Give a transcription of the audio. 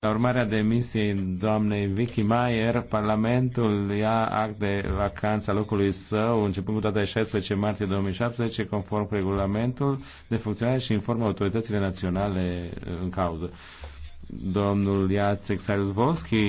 La urmarea demisiei doamnei Vicky Mayer, Parlamentul ia act de vacanța locului său începând cu data de 16 martie 2017, conform cu regulamentul de funcționare și informă autoritățile naționale uh, în cauză. Domnul Iacek Saruzvolski